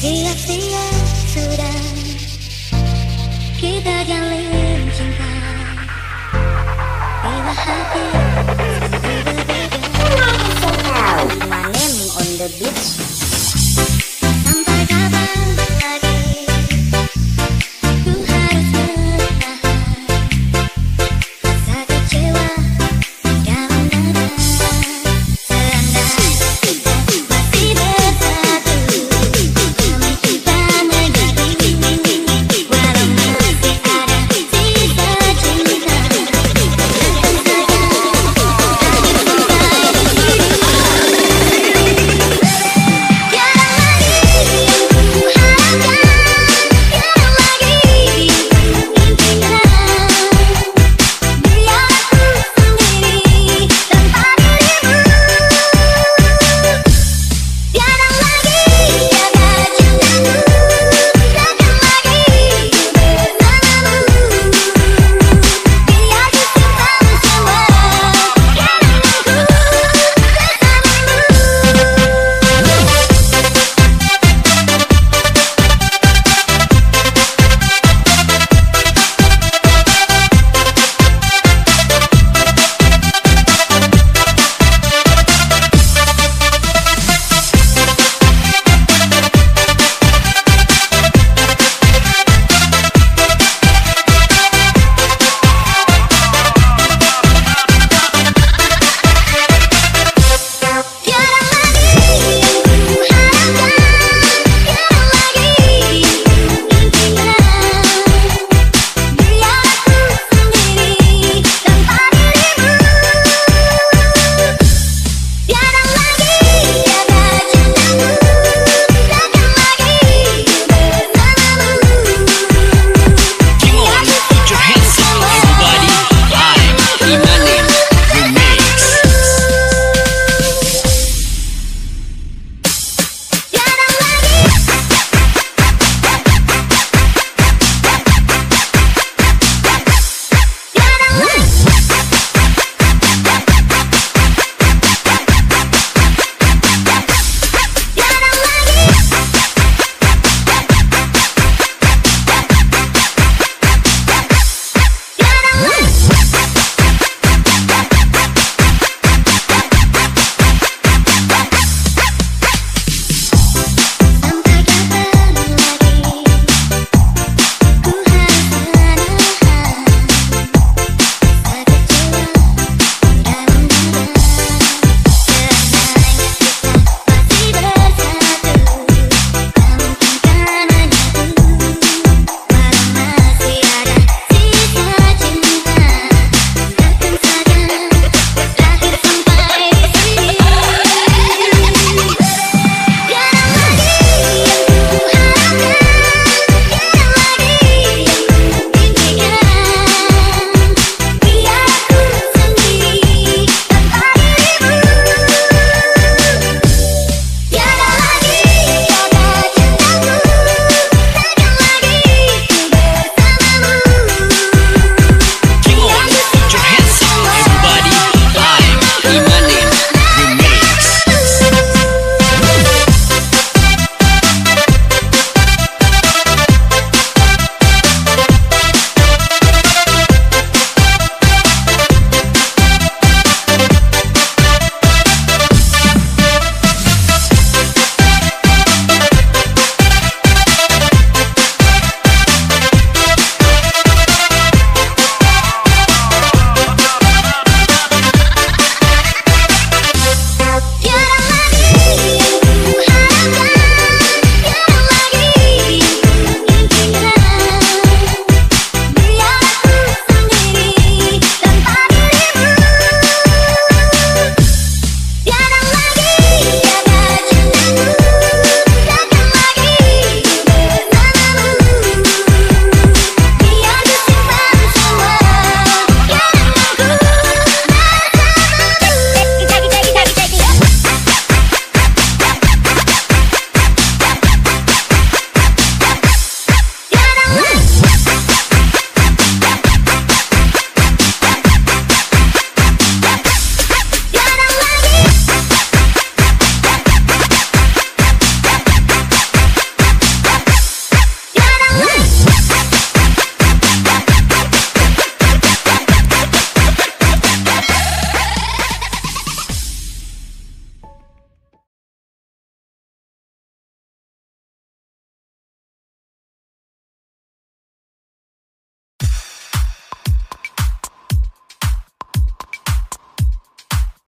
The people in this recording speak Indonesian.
Sia-sia sudah kita jalin cinta Bila hati